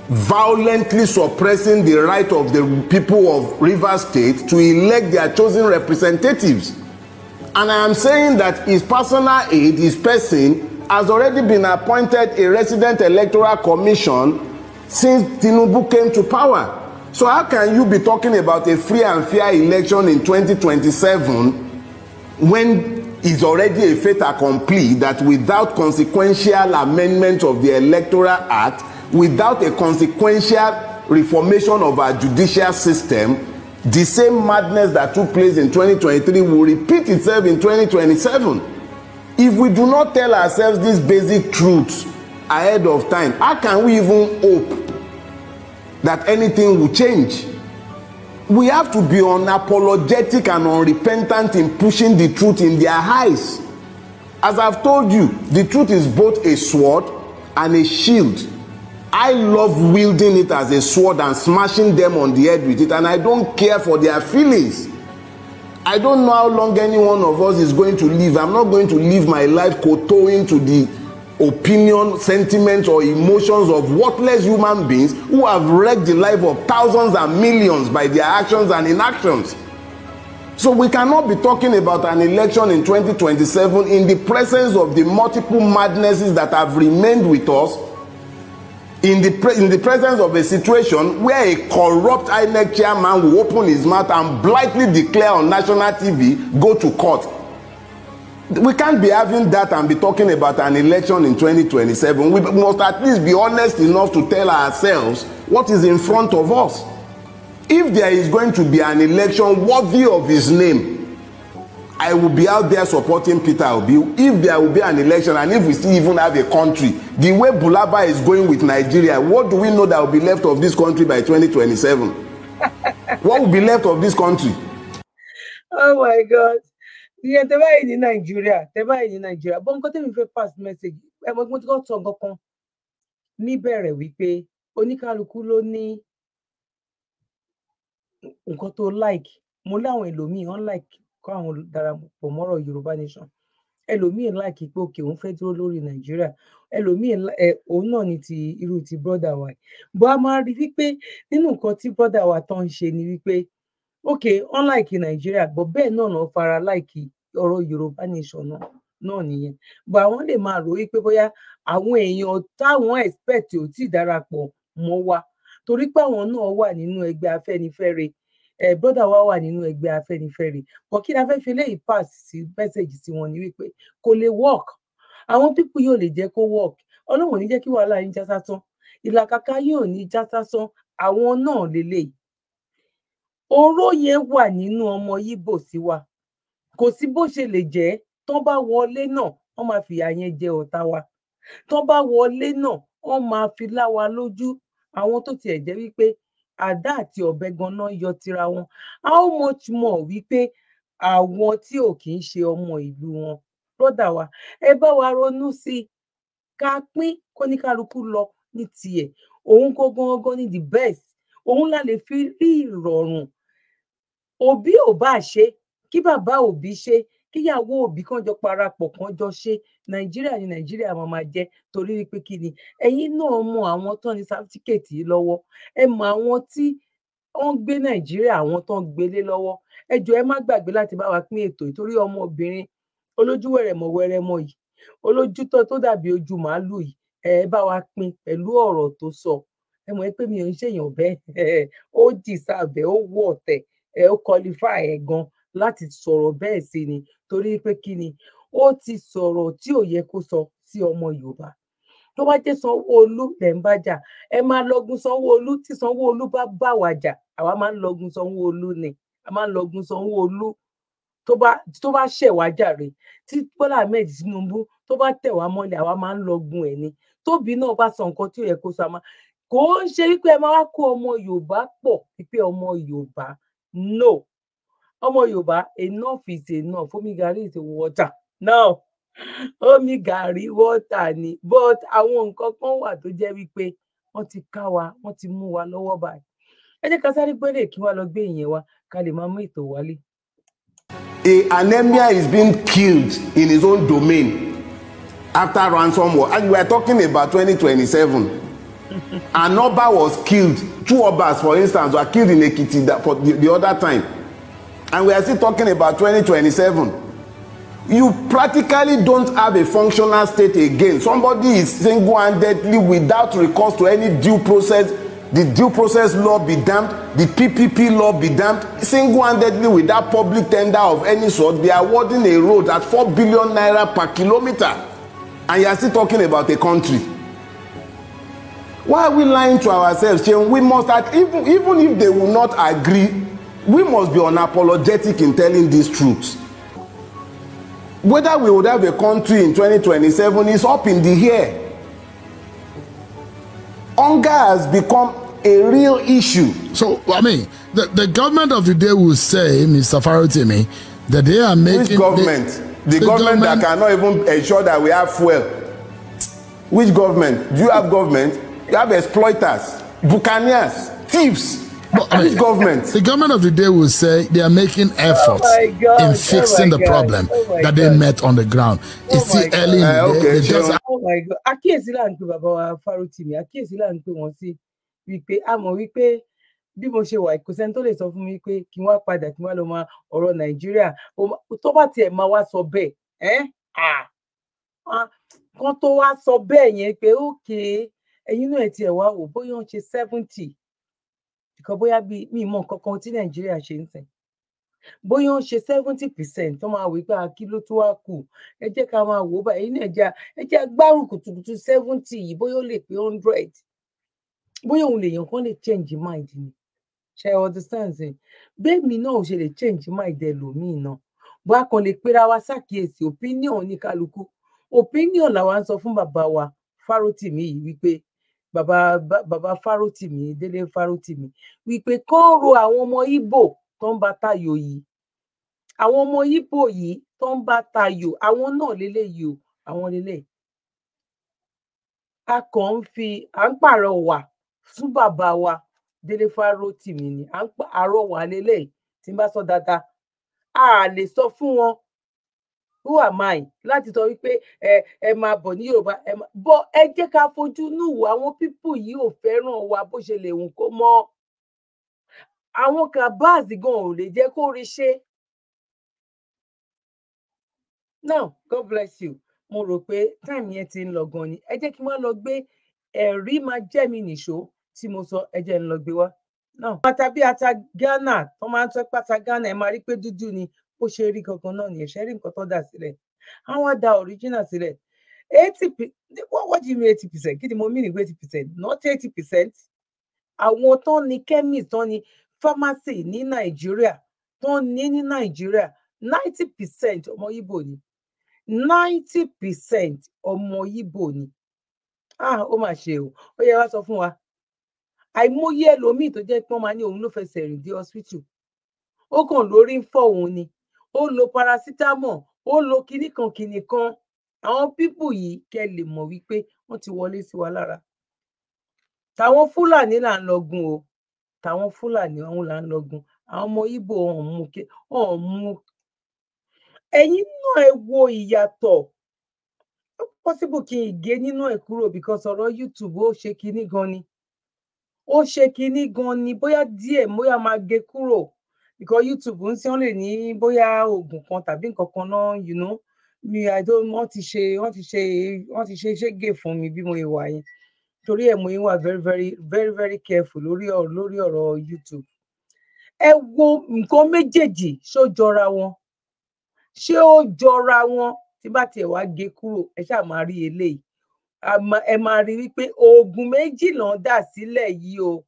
violently suppressing the right of the people of River State to elect their chosen representatives. And I am saying that his personal aide, his person, has already been appointed a resident electoral commission since Tinubu came to power. So, how can you be talking about a free and fair election in 2027? when is already a fait accompli that without consequential amendment of the electoral act without a consequential reformation of our judicial system the same madness that took place in 2023 will repeat itself in 2027 if we do not tell ourselves these basic truths ahead of time how can we even hope that anything will change we have to be unapologetic and unrepentant in pushing the truth in their eyes. As I've told you, the truth is both a sword and a shield. I love wielding it as a sword and smashing them on the head with it, and I don't care for their feelings. I don't know how long any one of us is going to live. I'm not going to live my life kowtowing to the opinion, sentiments, or emotions of worthless human beings who have wrecked the life of thousands and millions by their actions and inactions. So we cannot be talking about an election in 2027 in the presence of the multiple madnesses that have remained with us, in the, pre- in the presence of a situation where a corrupt INEC chairman will open his mouth and blithely declare on national TV, go to court, we can't be having that and be talking about an election in 2027. We must at least be honest enough to tell ourselves what is in front of us. If there is going to be an election worthy of his name, I will be out there supporting Peter Obi. If there will be an election and if we still even have a country, the way Bulaba is going with Nigeria, what do we know that will be left of this country by 2027? what will be left of this country? Oh my God ìyẹn tẹ báyìí ní nàìjíríà tẹ báyìí ní nàìjíríà bọ́n nǹkan tẹ́mi fẹ́ pass message ẹ̀mọ́ tí wọ́n ti kọ́ sọ nǹkan kan níbẹ̀rẹ̀ wípé oníkálukú ló ní nǹkan tó like mo láwọn ẹlòmíì wọn like kọ́ àwọn darapọ̀ mọ́rọ̀ yorùbá nation ẹlòmíì like pé òkè òun fẹ́ dúró lórí nàìjíríà ẹlòmíì ẹ òun náà ni ti irú ti brother wa bó a máa rí wípé nínú nǹkan tí brother wa tán ń ṣe ni wípé Okay, unlike Nàìjíríà gbọ́ bẹ́ẹ̀ náà lọ fara láìkí ọ̀rọ̀ Yorùbá nation náà náà nìyẹn but àwọn lè máa rò wípé bóyá àwọn èèyàn táwọn expect ò tí ì darapọ̀ mọ́ wa torí pé àwọn náà wà nínú ẹgbẹ́ Afẹ́nifẹ́re ẹ brọdà wa wà nínú ẹgbẹ́ Afẹ́nifẹ́re but kí la fẹ́ fi eléyìí pass sí mẹsàgì sí wọn ni wípé kò lè work àwọn pípù yóò lè jẹ́ kó work Ọlọ́run ò ní jẹ́ kí wàhálà yín já sásán ìlàkàkà yóò ní já sásán àwọn náà lélẹyìí oró yẹn wà nínú ọmọ Yíbò sí wa kò sí bó ṣe lè jẹ́ tán bá wọlé náà wọ́n máa fìyà yẹn jẹ ọ̀tá wa tán bá wọlé náà wọ́n máa fi lá lójú àwọn tó tiẹ̀ jẹ́ wípé àdá àti ọ̀bẹ ganan yọ tira wọn how much more wípé àwọn tí ò kì í ṣe ọmọ ìlú wọn rọ́dà wa ẹ bá wa ronú sí i ká pín kóníkálukú lọ ní tiẹ̀ òun gangan gangan ni the best òun la lè fi rí ìrọ̀rùn òbí ò bá ṣe kí bàbá òbí ṣe kíyàwó òbí kan jọ parapọ̀ kan jọ ṣe nàìjíríà ni nàìjíríà máa máa jẹ torí pé kí ni ẹ̀yin náà mọ àwọn tó ní sátífíkẹ̀tì yìí lọ́wọ́ ẹ mọ àwọn tí wọ́n gbé nàìjíríà àwọn tó ń gbélé lọ́wọ́ ẹ jọ ẹ má gbàgbé láti bá wa pín ètò ìtorí ọmọbìnrin olójú wẹ̀rẹ̀mọ wẹ̀rẹ̀mọ yìí olójú tó tó dàbí ojú màálù yìí ẹ bá wa pín pẹ̀lú ọ̀rọ̀ tó sọ ẹ mọ̀ pé mi ò ń ṣèyàn bẹ́ẹ̀ ó dì sábẹ́ ó wọ̀ ọ̀tẹ̀ ẹ ó qualify ẹ gan láti sọ̀rọ̀ bẹ́ẹ̀ sí ni torí pé kí ni ó ti sọ̀rọ̀ tí ò yẹ kó sọ sí ọmọ Yorùbá tó bá jẹ́ Sanwó-Olú lẹ ń bá jà ẹ máa lọgun Sanwó-Olú tí Sanwó-Olú bá bá wà jà àwa máa ń lọgun Sanwó-Olú ni a máa ń lọgun sanwó tó bá ṣẹ̀ wá jàre tí Bọ́lá Ahmed Tinubu tó bá tẹ̀ wá mọ́lẹ̀ àwa máa ń lọgun ẹ̀ ni tóbi náà bá sọ nǹkan tí ò yẹ kó sọ àmọ́ kò ń ṣe wípé ẹ máa wá kó ọmọ Yorùbá pọ̀ wípé ọmọ Yorùbá no ọmọ yorùbá enough is enough omi gàrí is water now omi gàrí water ni but àwọn nǹkan kan wà tó jẹ́ wípé wọ́n ti ká wa wọ́n ti mú wa lọ́wọ́ báyìí ẹ jẹ́ ká sáré gbélé kí wá lọ gbé ìyẹn wa ká lè máa mú ètò wálé. A anemia is being killed in his own domain after ransom war and we are talking about 2027 an oba was killed two obas for instance were killed in ekiti for the, the other time and we are still talking about 2027 you practically don't have a functional state again somebody is single-handedly without recourse to any due process the due process law be damned the ppp law be damned single-handedly without public tender of any sort be awarding a road at four billion naira per kilometre and you are still talking about a country why are we lying to ourselves shey we must at even even if they will not agree we must be unapologetic in telling these truths whether we would have a country in 2027 is up in the air hunger has become a real issue. so i mean the, the government of the day will say mr farotimi that they are making. which government they, the, the government, government that cannot even ensure that we have fuel which government do you have government you have exploiters buccaneers thieves But, I mean, government. The government of the day will say they are making efforts oh God, in oh fixing oh the God, problem oh that they God. met on the ground. Oh it's still early. Uh, okay, they, they sure. just... Oh my God. Àkíyèsí là ń pè bàbá wa Farotimi, àkíyèsí là ń pè wọ́n sí wípé a mọ̀ wípé bí mo ṣe wà kò sẹ́ni tó lè sọ fún mi pé kí n wá padà kí n wá lọ máa ọ̀rọ̀ Nàìjíríà tó bá tiẹ̀ máa wá sọ bẹ́ẹ̀ ẹ́ kan tó wá sọ bẹ́ẹ̀ yẹn pé ókè. Okay ẹ̀yin náà ti ẹ̀ wá wò bóyá wọ́n ṣe seventy nǹkan bóyá bíi mi mọ nǹkan kan tí nàìjíríà ṣe ń sìn bóyá wọ́n ṣe seventy percent tó máa wí pé kí ló tó wá kù ẹ jẹ́ ká máa wò ó báyìí náà jẹ́ ẹ jẹ́ agbárùn kùtùkùtù seventy yìí bóyá ó lè pé hundred bóyá òun lèèyàn kan lè change mind ni ṣe understand ṣe bẹ́ẹ̀ mi náà ò ṣe lè change mind ẹlòmíì náà bó a kàn lè pera wa ṣàkíyèsí opinion oníkálukú opinion làwa ń sọ fún bàbá wa Fárọ̀tìmí yìí wípé Baba, baba, fárótìmí délé fárótìmí wípé kán ro àwọn ọmọ Ìgbò tó ń bá tayò yìí àwọn ọmọ Ìgbò yìí tó ń bá tayò àwọn náà lélẹyìí o àwọn lélẹyìí a kàn ń fi à ń pàrọwà fún bàbá wa délé fárótìmí ni à ń àrọwà lélẹyìí tí n bá sọ dáadáa a lè sọ fún wọn who am I láti sọ wípé ẹ ẹ máa bọ̀ ní Yorùbá ẹ máa bọ ẹ jẹ́ ká fojú núwò àwọn pípù yìí ò fẹ́ràn wa bó ṣe lè hùn kó mọ́ àwọn Kabaz gan ò lè jẹ́ kó rí ṣe. now God bless you mo rò pé time yẹn ti ń lọ gan ni ẹ jẹ́ kí n má lọ gbé ẹ̀rí máa jẹ́ mi nìṣó tí mo sọ ẹ jẹ́ ń lọ gbé wá náà. No. pata bíi ata ghana tó máa ń tọ́ pata ghana ẹ máa rí pé dúdú ni bó ṣe rí kankan náà ni ṣe rí nǹkan tó dà da original eighty what what do you mean eighty percent kí ni mo eighty percent not eighty percent àwọn tó ní chemist tó ní pharmacy ní nàìjíríà tó ní ní nàìjíríà percent ọmọ Ibo ni ninety percent ọmọ Ibo ni ah ó mà ṣe o ó yẹ wá sọ fún wa àìmọye ẹlòmíì tó jẹ́ pé wọ́n máa ní òun ló fẹsẹ̀ rìn dé hospital ó kàn lórí ń ni ó lo parasitamọ ó lo kinní kan kinní kan àwọn pípù yìí kẹ lè mọ̀ wípé wọ́n ti wọlé sí wa lára tàwọn fúlàní là ń lọgun o tàwọn fúlàní ọ̀hún là ń lọgun àwọn ọmọ ibo ọ̀hún mú ké ọ̀hún mú ẹ̀yin náà ẹ wo ìyàtọ̀ ó possible kí n gé nínú ẹ̀ kúrò because ọ̀rọ̀ YouTube ó ṣe kinní gan ni ó ṣe kinní gan ni bóyá díẹ̀ bóyá máa gé kúrò because YouTube ń sìn wọn lè ní bóyá oògùn kan tàbí nǹkan kan náà you know mi àìtó wọn ti ṣe wọn ti ṣe wọn ti ṣe ṣége fún mi bí mo ṣe wà yẹn torí ẹ̀ mo yín wà very very very very careful lórí ọ̀rọ̀ lórí ọ̀rọ̀ YouTube ẹ wo nǹkan méjèèjì ṣó jọra wọn ṣé ó jọra wọn tí bá tiẹ̀ wá gé kúrò ẹ ṣáà máa rí eléyìí ẹ máa rí wípé oògùn méjì ló ń dà sílẹ̀ yìí o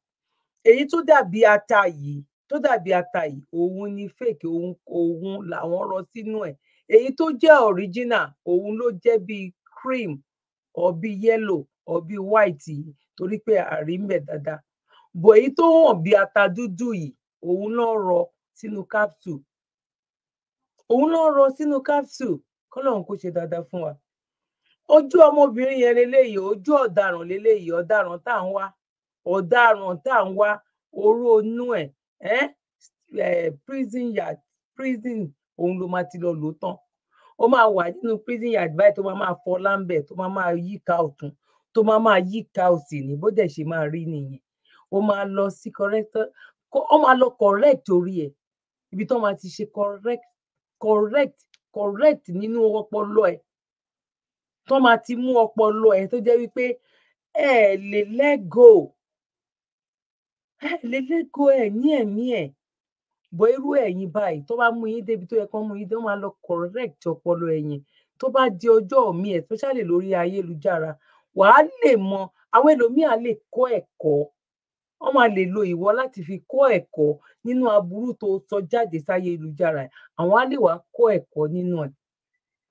èyí tó dàbí ata yìí tó dàbí ata yìí òun ni fake òun òun làwọn rọ sínú ẹ̀ èyí tó jẹ́ original òun ló jẹ́ bíi cream ọbí yellow ọbí white yìí torí pé àrí ń bẹ dáadáa bọ èyí tó hàn bíi ata dúdú yìí òun náà rọ sínú capsule òun náà rọ sínú capsule kọ́lọ́run kó ṣe dáadáa fún wa ojú ọmọbìnrin yẹn leléyìí ojú ọ̀daràn leléyìí ọ̀daràn tá à ń wá ọ̀daràn tá à ń wá oró inú ẹ̀ eh prison yard prison òun ló máa ti lọ lò tán ó máa wà nínú prison yard báyìí tó máa máa fọ láńbẹ tó máa máa yíká ọ̀tún tó máa máa yíká òsì ní bó dẹ̀ ṣe máa rí nìyẹn ó máa lọ sí corrector ó máa lọ correct orí ẹ̀ ibi tó máa ti ṣe correct correct correct nínú ọpọlọ ẹ̀ tó máa ti mú ọpọlọ ẹ̀ tó jẹ́ wípé ẹ lè let go ẹ lè lè go ẹ ní ẹ̀mí ẹ̀ bọ irú ẹ̀yin báyìí tó bá mú yín débi tó yẹ kán mú yín dé wọ́n máa lọ correct ọpọlọ ẹ̀yin tó bá di ọjọ́ mi especially lórí ayélujára wàá lè mọ àwọn ẹlòmíà lè kọ́ ẹ̀kọ́ wọ́n máa lè lo ìwọ láti fi kọ́ ẹ̀kọ́ nínú aburú tó sọ jáde sáyélujára àwọn á lè wá kọ́ ẹ̀kọ́ nínú ẹ̀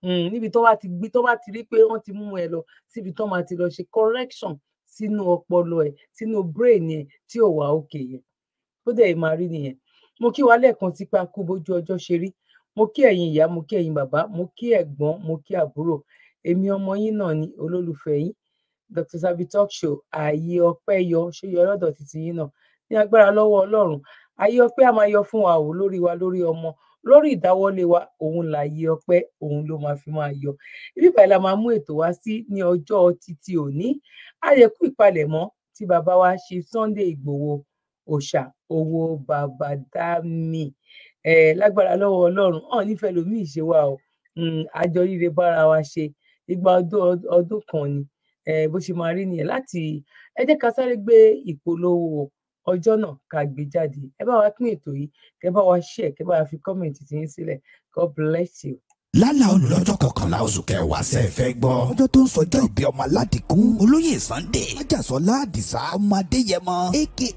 hmm, níbi tó bá ti gbé tó bá ti rí pé wọ́n ti mú ẹ lọ síbi tó máa ti lọ ṣe correction sínú ọpọlọ ẹ sínú brain ẹ tí ò wá òkè yẹn ó dẹ̀ máa rí nìyẹn mo kí wa lẹ́ẹ̀kan tipa kú bójú ọjọ́ ṣe rí mo kí ẹ̀yin ìyá mo kí ẹ̀yin bàbá mo kí ẹ̀gbọ́n mo kí àbúrò èmi ọmọ yín náà ni olólùfẹ́ yín Dr. Zabby Talk Show ààyè ọpẹ́ yọ ṣé yọ lọ́dọ̀ títí yín náà ní agbára lọ́wọ́ Ọlọ́run ààyè ọpẹ́ a máa yọ fún wa o lórí wa lórí ọmọ lórí ìdáwọ́lé wa òun láàyè ọpẹ́ òun ló máa fi máa yọ ibi ìbàlẹ̀ máa mú ètò wá sí ní ọjọ́ títí òní àyẹ̀kú ìpalẹ̀mọ́ tí bàbá wa ṣe Sunday Ìgbòho òòṣà owó bàbá mi ẹ lágbára lọ́wọ́ Ọlọ́run hàn nífẹ̀ẹ́ lómi ìṣe wa o hmm, àjọ ríre bára wa ṣe igba ọdún kan ni bó ṣe máa rí nìyẹn láti ẹ jẹ́ ká sáré gbé ìpolówó ọjọ́ náà ká gbé jáde ẹ bá wa pín ètò yìí kẹ bá wa share kẹ bá wa fi kọ́mẹ̀ntì tiyín sílẹ̀ God bless you lálà olùlọ́jọ́ kọkànlá oṣù kẹwàá ṣe fẹ́ gbọ́. ọjọ́ tó ń sọjọ́ ìbí ọmọ aládìkú olóyè Sunday ajáṣọlá àdìsá ọmọ adéyẹmọ aka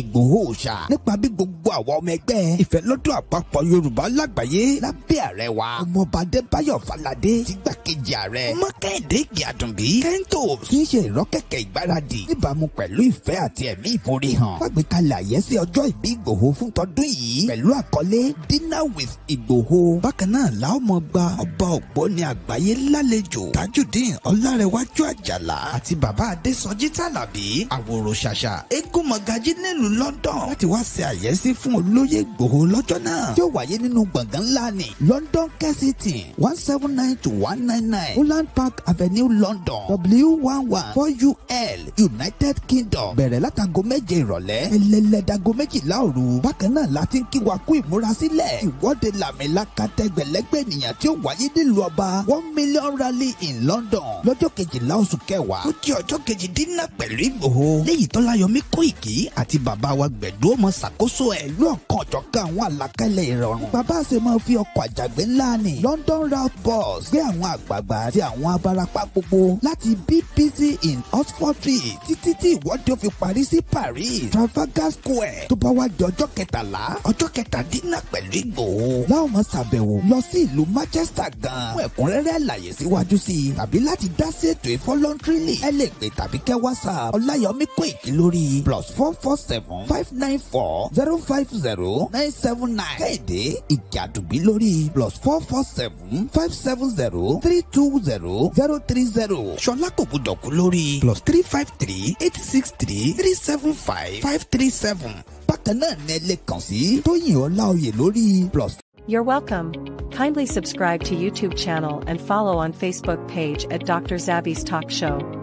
ìgbòho òòṣà nípa bí gbogbo àwọn ọmọ ẹgbẹ́ ìfẹ́lọ́dún àpapọ̀ yorùbá lágbàáyé lábẹ́ ààrẹ wa ọmọọba adébáyọ̀ faládé sígbàkejì ààrẹ mọ́kẹ́ẹ̀dé ìgbàdùnbí kẹ́ńtò kì í ṣe ìrọ́kẹ̀kẹ̀ ìgbáradì níbàámu pẹ̀lú ìfẹ́ àti ẹ̀mí ìforihàn wàgbékalẹ̀ àyẹ́sí dinner with ìgbòho bákan náà làwọn wa ọba ògbó ni àgbáyé lálejò tajudeen ọlárẹwájú àjàlá àti bàbá adésọjí tàlàbí àwòrò ṣàṣà eégún mọ̀gájí nílùú london láti wá ṣe àyẹ́sí fún olóyè ìgbòho lọ́jọ́ náà yóò wáyé nínú gbọ̀ngàn ńlá ni london kensington one seven nine to one nine nine holland park avenue london w one one four ul united kingdom bẹ̀rẹ̀ látago méje ìrọ̀lẹ́ ẹlẹ́lẹ́dago méjìlá òru bákan náà láti ń kí wa kú ìmúrasílẹ̀ ìwọ́de làmìlaka tẹgbẹ̀lẹ́gbẹ̀ ènìyàn tí ó yóò wáyé nílùú ọba one million rally in London lọ́jọ́ kejìlá oṣù kẹwàá ó di ọjọ́ kejìdínlá pẹ̀lú Ìgbòho léyìí Tọ́láyọmí Kóìkì àti bàbá wa Gbẹ̀du ọmọ ṣàkóso ẹ̀ lọ́ọ̀kan ọ̀jọ̀kan àwọn àlàkalẹ̀ ìrọ̀rùn bàbá àṣẹ máa fi ọkọ̀ àjàgbé ńlá ni London route bus gbé àwọn àgbààgbà àti àwọn abarapá gbogbo láti BBC in Oxford Street títí tí ìwọ́de fi parí sí Paris Trafalgar Square tó bá wá di ọjọ́ kẹtàlá ọjọ́ kẹtàdínlá pẹ̀lú Ìgbòho láwọn máa ṣàbẹ̀wò lọ sí ìlú májẹ́ register gan. fún ẹ̀kúnrẹ́rẹ́ àlàyé síwájú sí i tàbí láti dá sí ètò ìfọlọ́ntìrìlì ẹ lè pè tàbí kẹ́ whatsapp ọláyọmí kóìkì lórí plus four four seven five nine four zero five zero nine seven nine kẹ́hìndé ìjàdùbí lórí plus four four seven five seven zero three two zero zero three zero ṣọlá kò gbúdọ̀ kú lórí plus three five three eight six three three seven five five three seven bákan náà ni ẹ lè kàn sí tóyìn ọláoyè lórí plus You're welcome. Kindly subscribe to YouTube channel and follow on Facebook page at Dr. Zabby's Talk Show.